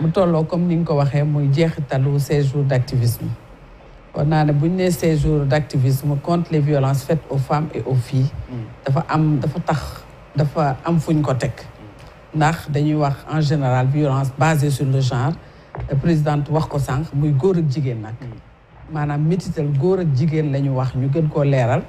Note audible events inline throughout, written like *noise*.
mu tolloo comme ni nga ko waxee muy jeexitalu seize jours d' activisme kon naa ne bu ñu nee jours d' activisme contre les violences faites aux femmes et aux filles mm. dafa am dafa tax dafa am fuñ ko teg ndax dañuy wax en général violence basée sur le genre euh, présidente wax ko sànq muy góor ak jigéen nag mm. maanaam métital góor ak jigéen la ñu wax ñu gën koo leeral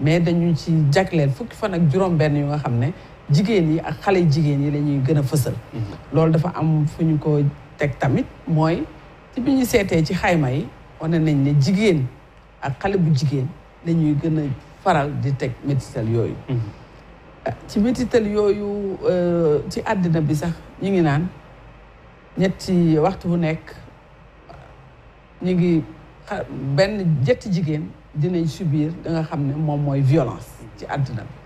mais dañu ci jagleel fukki fan ak juróom benn yu nga xam ne jigéen yi ak xale jigéen yi lañuy gën a fësal. Mhm. loolu dafa am fu ñu ko teg tamit mooy ci ñu seetee ci xayma yi wane nañ ne jigéen ak xale bu jigéen lañuy gën a faral di teg métital yooyu. Mhm. Ah, ci métital yooyu euh, ci àddina bi sax ñu ngi naan ñetti waxtu bu nekk ñu ngi benn jetti jigéen dinañ subir da nga xam ne moom mooy violence ci àddina bi.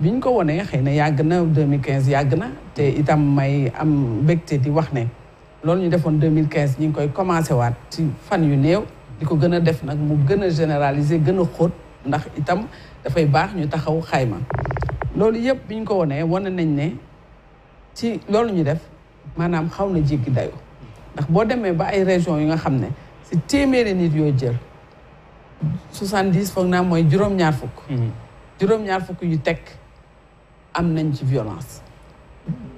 bi ñu ko wanee xëy na yàgg na 2015 yàgg na te itam may am mbégte di wax ne loolu ñu defoon 2015 ñu ngi koy commencé waat ci fan yu néew di ko gën a def nag mu gën a généraliser gën a xóot ndax itam dafay baax ñu taxaw xayma loolu yëpp bi ñu ko wanee wane nañ ne ci loolu ñu def maanaam xaw na jéggi dayo ndax boo demee ba ay région yu nga xam ne si téeméeri nit yoo jël 70 foog naa mooy juróom-ñaar fukk mm-hmm. juróom-ñaar fukk yu teg am nañ ci violence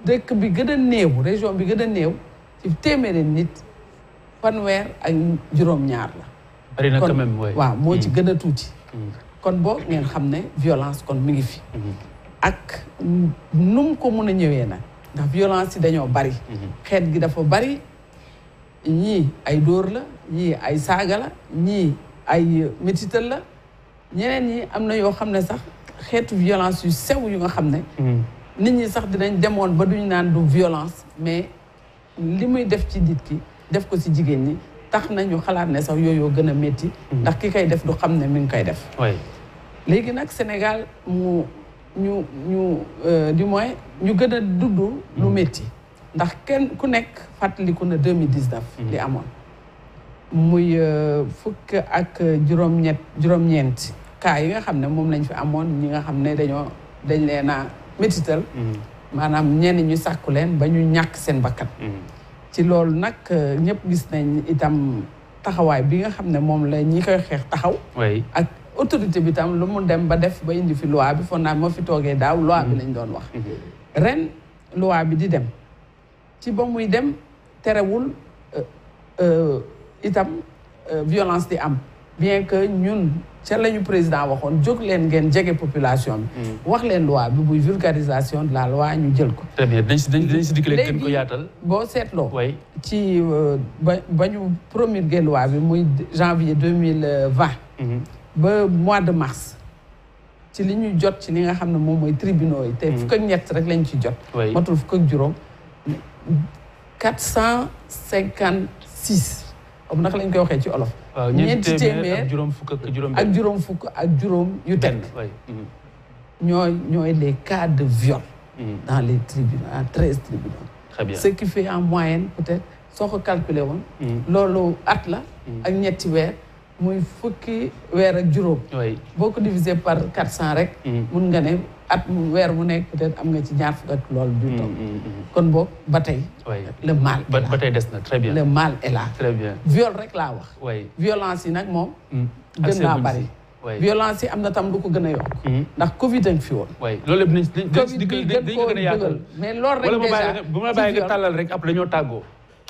dëkk bi gën a néew région bi gën a néew ci téeméeri nit fanweer ak juróom-ñaar la. bari na quand waaw moo ci hmm. gën a tuuti. Hmm. kon boo ngeen xam ne violence kon mi ngi fi. Hmm. ak num ko mun a ñëwee nag ndax violence yi dañoo bari. xeet gi dafa bari ñii ay dóor la ñii ay saaga la ñii ay métital la ñeneen ñi am na yoo xam ne sax. xeetu violence yu sew yu nga xam ne hmm. nit ñi sax dinañ demoon ba duñ naan du violence mais li muy def ci nit ki def ko si jigéen ñi tax nañu xalaat ne sax yooyoo gën a métti hmm. ndax ki koy def du xam ne mi ngi koy def léegi nag Sénégal mu ñu ñu euh, du moins ñu gën a dudd lu métti hmm. ndax kenn ku nekk fàttaliku na 2019 li amoon muy euh, fukk ak juróom-ñett juróom-ñeent cas yi nga xam ne moom lañ fi amoon ñi nga xam ne dañoo dañ leen a métital mm-hmm. maanaam ñenn ñu sàkku leen ba ñu ñàkk seen bakkan mm-hmm. ci loolu nag euh, ñëpp gis nañ itam taxawaay bi nga xam ne moom la ñi koy xeex taxaw ak autorité bi tam lu mu dem ba def ba indi fi loi bi foog naa moo fi toogee daaw loi bi mm-hmm. lañ doon wax ren loi bi di dem ci ba muy dem terewul euh, euh, itam violence di am bien que ñun ca la ñu président waxoon jóg leen ngeen jege population bi. Mm. wax leen loi bi buy vulgarisation de la loi ñu jël ko. très dañ si dañ si dikkale gën ko yaatal. boo seetloo. ci euh, ba ba ñu promulgué loi bi muy janvier deux mille euh, vingt. Mm-hmm. ba mois de mars. ci li ñu jot ci li nga xam ne moom mooy tribunaux yi. te mm-hmm. fukk ñett rek lañ ci jot. matul fukk ak juróom quatre cent cinquante six. om naka lañ koy waxee ci olof. Euh, Nous des mhm. cas de viol mhm. dans les tribunaux, dans 13 tribunaux. Ce qui fait en moyenne, peut-être, sans recalculer, lolo atla, beaucoup divisé par 400 règles, at weer bu nekk peut am nga ci ñaar fukk ak loolu du mm, mm, mm, kon boog ba tey le mal ba tey des na très bien le mal est là rek laa wax violence yi nag moom gën naa bari violence yi am na tam lu ko gën a yokk mm-hmm. ndax covid a fi woon loolu yëpp covid bi gën koo dëgal mais loolu rek déjà bu ma bàyyi nga tàllal rek après dañoo tàggoo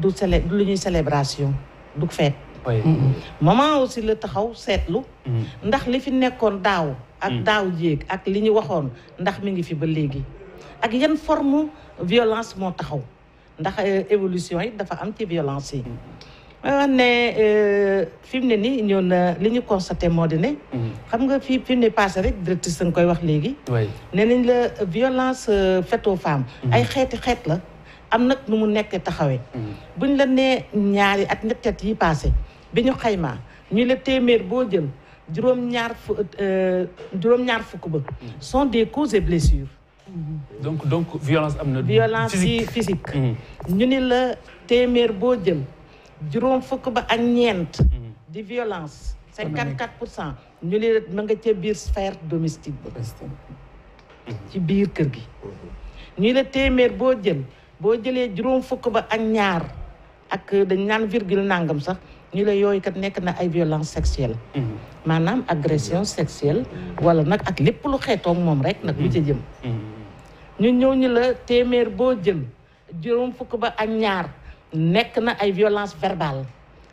du célé lu ñuy célébration du feet maman aussi la taxaw seetlu mm. ndax li fi nekkoon daaw ak mm. daaw jéeg ak li ñu waxoon ndax mi ngi fi ba léegi ak yan forme violence moo taxaw ndax euh, évolution yi dafa am ci violence yi may mm. wax euh, ne euh, fi mu ne nii ñëw na li ñu constaté moo di ne xam nga fii fi mu ne passé rek directrice nga koy wax léegi nee nañ la violence faite aux ay xeeti xeet la am nag nu mu nekkee taxawee mm. buñ la né ñaari at ñetti yi passé biñu xayma ñu le témèr bo jëm juroom ñaar fu euh, juroom ñaar fukk ba mm. sont des causes et blessures mm-hmm. donc donc violence amna violence yi physique mm-hmm. ñu ni la témèr bo jëm juroom fuk ba ak ñent mm-hmm. di violence cinquante quatre ñu le ma nga ci biir sphère domestique ba ci biir kër gi ñu le témèr bo jëm boo jëlee juróom fukk ba ak ñaar ak eh, dañ naan virgule nangam sax ñu la yooyukat nekk na ay violence sexuelle mm-hmm. maanaam agression sexuelle wala nag ak lépp lu xeetoog moom rek nag lu ca mm-hmm. jëm ñu ñëw ñu la téeméer boo jël juróom fukk ba ak ñaar nekk na ay violence verbale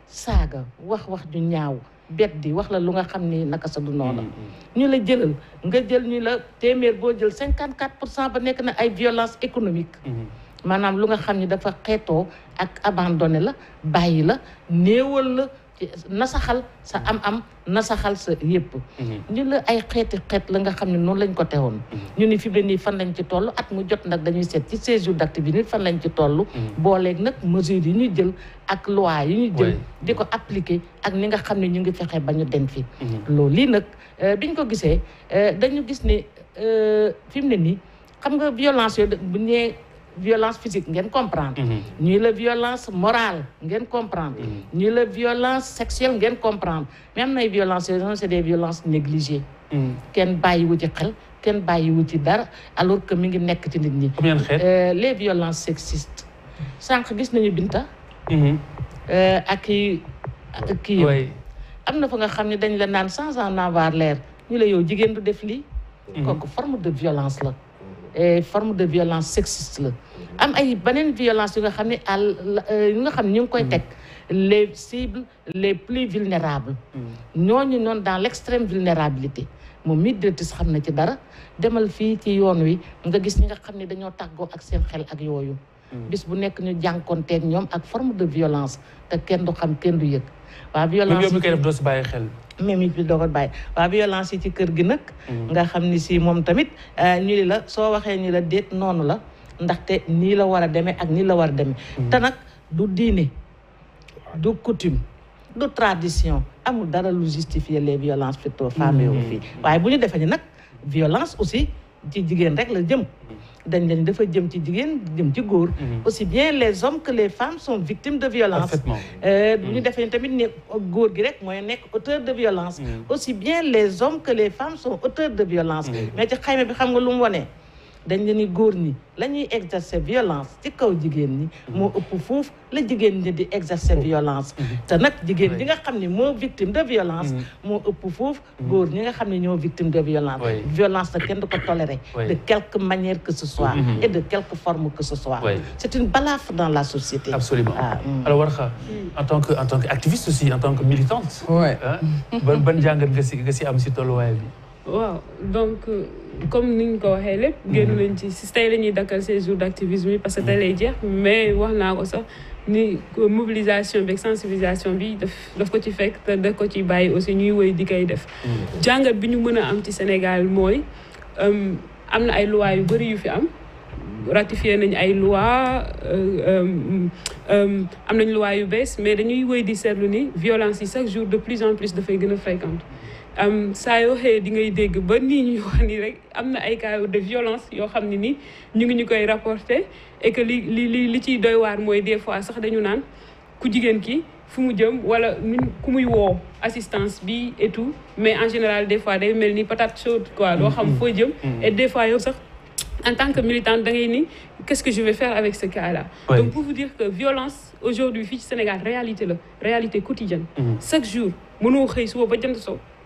saaga wax wax ju ñaaw bet di wax la lu nga xam ni naka sa du noonu mm-hmm. ñu la jëlal nga jël ñu la téeméer boo jël cinquante quatre pour cent ba nekk na ay violence économique maanaam lu nga xam ni dafa xeetoo ak abandonné la bàyyi la néewal la nasaxal sa am-am nasaxal sa yëpp. ñu mm-hmm. la ay xeeti xeet la nga xam ne noonu lañ ko te woon mm-hmm. ñu ni fi mu ne nii fan lañ ci toll at mu jot nag dañuy seet ci 16 jours d'activité fan lañ ci toll. Mm-hmm. booleeg nag mesures yi ñu jël ak loi yi ñu jël. di ko appliquer ak ni nga xam ne ñu ngi fexe ba ñu den fii loolu lii nag euh, biñ ko gisee euh, dañu gis ne euh, fi mu ne nii xam nga violence yooyu violence physique ngeen comprendre ñii mhm. la violence morale ngeen comprendre ñii mhm. la violence sexuelle ngeen comprendre Même les violences, c'est des violences négligées mhm. Ken bàyyiwu ci xel kenn bàyyiwu ci d'ar. alors que mi ngi nekk ci nit ñi euh, les violences sexistes Sank gis nañu Binta euh, ak kii kii am na fa nga xamni dañ la naan sans en avoir l'air ñu la yow jigéen du def lii kooku forme de violence la forme de violence sexiste la am ay banen violence yu nga xam al àll euh, yu nga xam ne ñu koy tek les cibles les plus vulnérables ñooñu non dans l'extrême vulnérabilité Mo mii directrice xam na ci dara demal fi ci yoon wi nga gis ñi nga xam dañoo taggo ak seen xel ak yooyu Mm. bis bu nekk ñu jànkonteeg ñoom ak forme de violence te kenn du xam kenn du yëg waa violence yi si bàyyi xel même yi ci doo ko yi ci kër gi nag mm. nga xam ni si moom tamit euh, ñu li la soo waxee ñu la déet noonu la ndaxte nii la war a demee ak nii la war a demee mm. te nag du diine du coutume du tradition amul dara lu justifier les violences faites aux fii waaye bu ñu defee ni nag violence aussi ci jigéen rek la jëm dañ leen dafa jëm ci jigéen jëm ci góor mhm. aussi bien les hommes que les femmes sont victimes de violence euh ñu mhm. defee tamit ne góor gi rek moy nek auteur de violence mhm. aussi bien les hommes que les femmes sont auteurs de violence mais ci xayma bi xam nga lu mu dañ leen ni violence ci kaw jigen mhm. la exercer violence mhm. té nak jigen bi nga victime de violence mhm. de violence violence kenn tolérer de quelque manière que ce soit et de quelque forme que ce soit c'est une balafre dans la société absolument ah, mm. alors en tant que en tant aussi en tant que militante waaw donc euh, comme niñ ko waxee lépp mhm. génn nañ ci si tey la ñuy dakkal ces jours d' activisme yi parce que tey lay mhm. jeex mais wax naa ko sax ni mobilisation bi sensibilisation bi daf daf ko ci fekk te daf ko ci bàyyi aussi ñuy woy di koy def mhm. jàngat bi ñu mën a am ci Sénégal mooy euh, am na ay loi yu bëri yu fi am ratifié nañ ay loi euh, am nañ loi yu bees mais dañuy woy di seetlu ni violence yi chaque jour de plus en plus dafay gën a fréquente am yoo xëyee di ngay dégg ba ni ñu wax rek am na ay cas de violence yoo xam ne ni ñu ngi ñu koy rapporter et que li li li li ciy doy waar mooy des fois sax dañu naan ku jigéen ki fu mu jëm wala ku muy woo assistance bi et tout mais en général des fois day mel ni patate chaude quoi doo mm-hmm. xam foo jëm mm-hmm. et des fois yow sax en tant que militante da ngay ni qu'est-ce que je vais faire avec ce cas-là oui. donc pour vous dire que violence aujourd'hui fii ci Sénégal réalité la réalité quotidienne mm-hmm. chaque jour mënoo xëy suba ba jënd so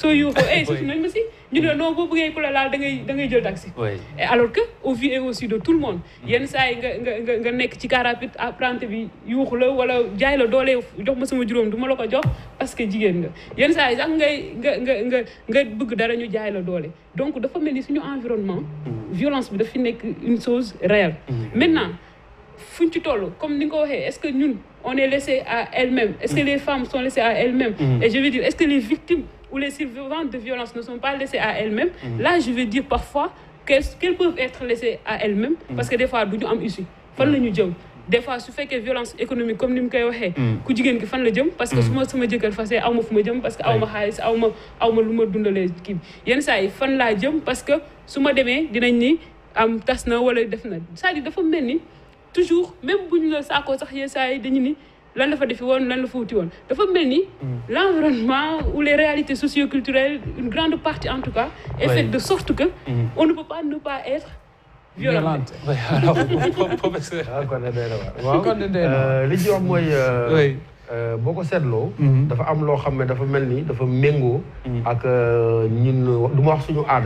soo yuuxoo eh surtout nañ ma si ñu ne non boo bëggee ku la laal da ngay da ngay jël taxi et eh, alors que au vu et au su de tout le monde mm. yenn saa yi nga nga nga nekk ci car rapide apprenti ah, bi yuuxu la wala jaay la doole jox ma sama juróom du ma la ko jox parce que jigéen nga yenn saa yi sax ngay nga nga nga nga bëgg dara ñu jaay la doole donc dafa mel ni suñu environnement mm. violence bi dafa nekk une chose réelle mm. maintenant comme ni est-ce que nous, on est laissé à elles-mêmes est-ce que mm. les femmes sont laissées à elles-mêmes mm. et je veux dire est-ce que les victimes ou les survivantes de violence ne sont pas laissées à elles-mêmes mm. là je veux dire parfois qu'elles peuvent être laissées à elles-mêmes parce que des fois nous sommes am issue fan la ñu des fois su que violence économique comme nous mu dit, waxee ku jigéen ki fan la parce que me dis sama jëkkër le aw parce fu ma jëm parce que aw ma xaalis aw ma aw ma lu ma dundalee a yenn saa yi fan le job, parce que su ma demee dinañ ni am tas na wala def na c'est-à-dire dafa ni toujours même si la sako sax qui ni lan la defi won lan la fa mm. ou les réalités socio une grande partie en tout cas. est faite de sorte que. Mm. on ne peut pas ne pas être. violente alors *laughs* professeur. Ah,